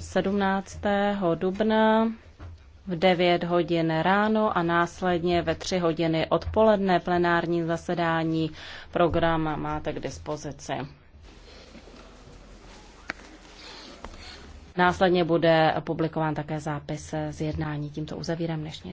17. dubna v 9 hodin ráno a následně ve 3 hodiny odpoledne plenární zasedání. Program máte k dispozici. Následně bude publikován také zápis z jednání. Tímto uzavírám dnešní